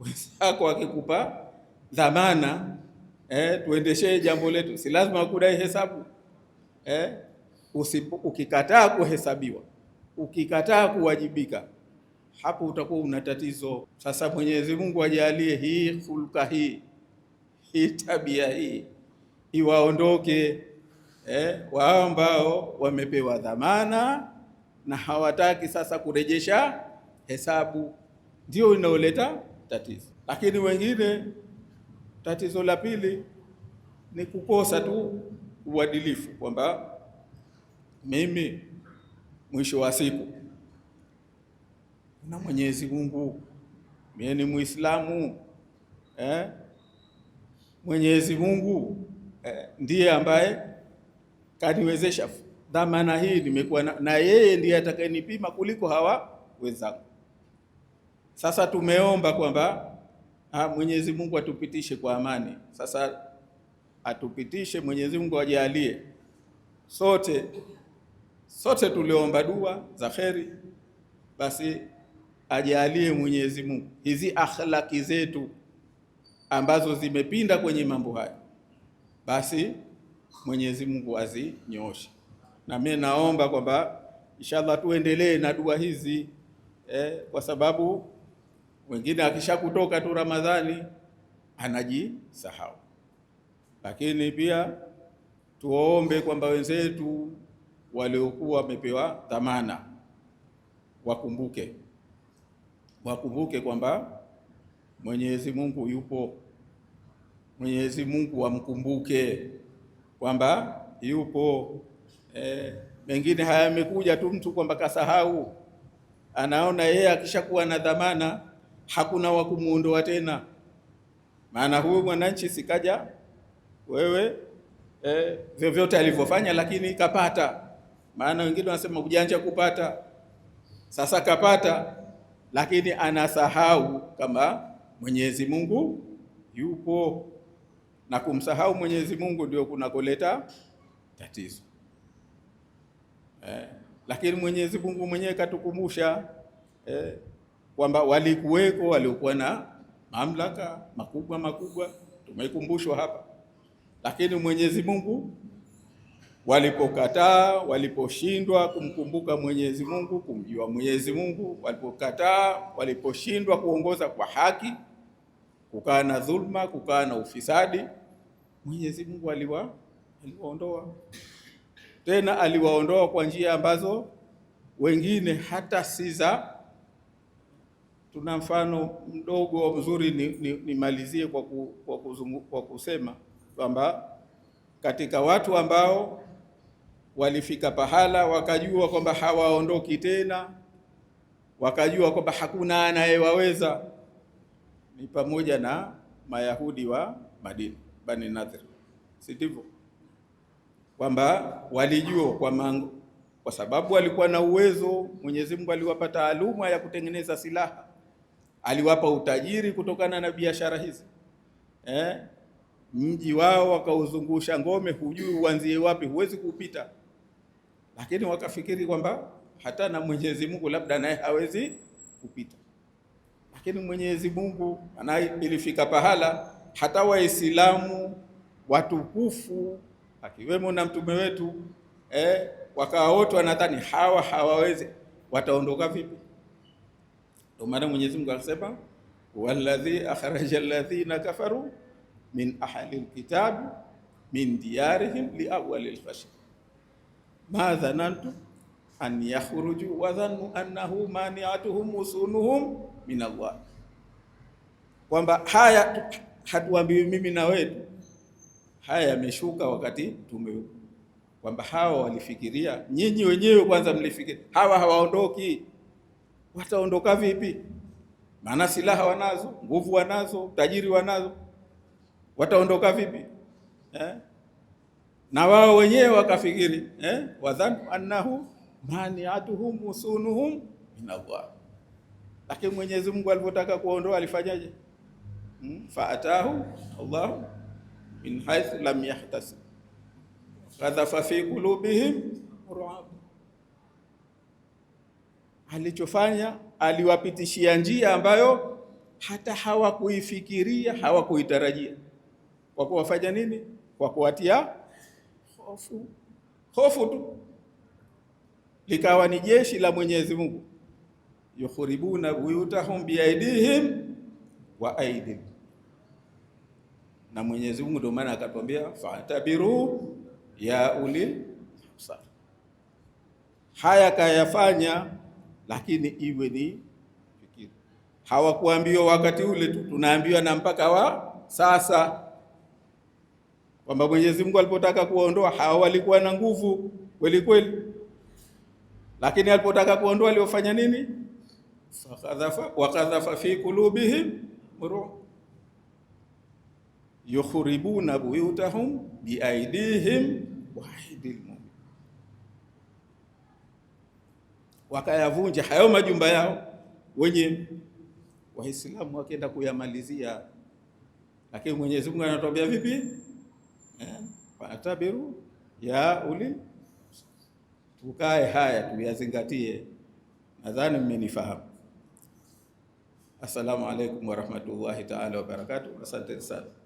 wenzako akikupa dhamana eh, tuendeshee jambo letu, si lazima kudai hesabu eh? Usipo, ukikataa kuhesabiwa, ukikataa kuwajibika, hapo utakuwa una tatizo. Sasa Mwenyezi Mungu ajalie hii hulka hii hii tabia hii iwaondoke eh, wao ambao wamepewa dhamana na hawataki sasa kurejesha hesabu, ndio inaoleta tatizo. Lakini wengine tatizo la pili ni kukosa tu uadilifu, kwamba mimi mwisho wa siku na Mwenyezi Mungu, mimi ni Muislamu eh? Mwenyezi Mungu eh, ndiye ambaye kaniwezesha dhamana hii, nimekuwa na, na yeye ndiye atakayenipima kuliko hawa wenzangu. Sasa tumeomba kwamba ah, Mwenyezi Mungu atupitishe kwa amani. Sasa atupitishe Mwenyezi Mungu ajalie sote, sote tuliomba dua za kheri, basi ajalie Mwenyezi Mungu hizi akhlaki zetu ambazo zimepinda kwenye mambo haya, basi Mwenyezi Mungu azinyooshe. Na mimi naomba kwamba inshallah tuendelee na dua hizi eh, kwa sababu wengine akishakutoka tu Ramadhani anajisahau, lakini pia tuombe kwamba wenzetu waliokuwa wamepewa dhamana wakumbuke, wakumbuke kwamba Mwenyezi Mungu yupo, Mwenyezi Mungu wamkumbuke kwamba yupo. E, mengine haya yamekuja tu mtu kwamba kasahau, anaona yeye akishakuwa na dhamana hakuna wa kumuondoa tena, maana huyu mwananchi sikaja wewe eh, vyovyote alivyofanya, lakini kapata. Maana wengine wanasema ujanja kupata. Sasa kapata, lakini anasahau kama Mwenyezi Mungu yupo, na kumsahau Mwenyezi Mungu ndio kunakoleta tatizo eh, lakini Mwenyezi Mungu mwenyewe katukumbusha eh, kwamba walikuweko waliokuwa na mamlaka makubwa makubwa, tumekumbushwa hapa. Lakini Mwenyezi Mungu walipokataa, waliposhindwa kumkumbuka Mwenyezi Mungu, kumjua Mwenyezi Mungu, walipokataa, waliposhindwa kuongoza kwa haki, kukaa na dhulma, kukaa na ufisadi, Mwenyezi Mungu aliwa aliwaondoa tena, aliwaondoa kwa njia ambazo wengine hata si za Tuna mfano mdogo mzuri, nimalizie ni, ni kwa, ku, kwa, kwa kusema kwamba katika watu ambao walifika pahala wakajua kwamba hawaondoki tena, wakajua kwamba hakuna anayewaweza ni pamoja na Mayahudi wa Madina, Bani Nadhir, si ndivyo? Kwamba walijua kwa mango, kwa sababu walikuwa na uwezo. Mwenyezi Mungu aliwapa taaluma ya kutengeneza silaha aliwapa utajiri kutokana na biashara hizi eh? Mji wao wakauzungusha ngome, hujui uanzie wapi, huwezi kupita Lakini wakafikiri kwamba hata na Mwenyezi Mungu labda naye hawezi kupita, lakini Mwenyezi Mungu anaye, ilifika pahala hata Waislamu watukufu akiwemo na mtume wetu eh, wakawa wote wanadhani hawa hawawezi, wataondoka vipi? Ndio maana Mwenyezi Mungu akasema, walladhi akhraja alladhina kafaru min ahli alkitab min diyarihim liawali lhashr ma dhanantum an yakhruju wa dhannu annahu mani'atuhum usunuhum min Allah, kwamba haya hatuambiwi mimi na wetu, haya yameshuka wakati tume, kwamba hawa walifikiria, nyinyi wenyewe kwanza mlifikiria, hawa hawaondoki wataondoka vipi? Maana silaha wanazo, nguvu wanazo, utajiri wanazo, wataondoka vipi eh? na wao wenyewe wakafikiri eh? wadhanu annahu maniatuhum usunuhum min Allah, lakini Mwenyezi Mungu alivyotaka kuondoa alifanyaje? hmm? faatahu Allah min haythu lam yahtasib kadhafa fi qulubihim ru'ab alichofanya aliwapitishia njia ambayo hata hawakuifikiria hawakuitarajia. Kwa kuwafanya nini? Kwa kuwatia hofu, hofu tu, likawa ni jeshi la Mwenyezi Mungu. yukhribuna buyutahum biaidihim wa aidi, na Mwenyezi Mungu ndio maana akatwambia fatabiru ya uli Haya kayafanya lakini iwe ni Hawakuambiwa wakati ule tu, tunaambiwa na mpaka wa sasa kwamba Mwenyezi Mungu alipotaka kuondoa hawa walikuwa na nguvu kweli kweli, lakini alipotaka kuondoa aliofanya nini? Wakadhafa fi kulubihim muru yukhribuna buyutahum biaidihim waidil wakayavunja hayo majumba yao wenye Waislamu wakaenda kuyamalizia, lakini Mwenyezi Mungu anatuambia vipi eh, Fatabiru ya uli, tukae haya tuyazingatie. Nadhani mmenifahamu. Assalamu alaikum warahmatullahi taala wabarakatuh. Asante sana.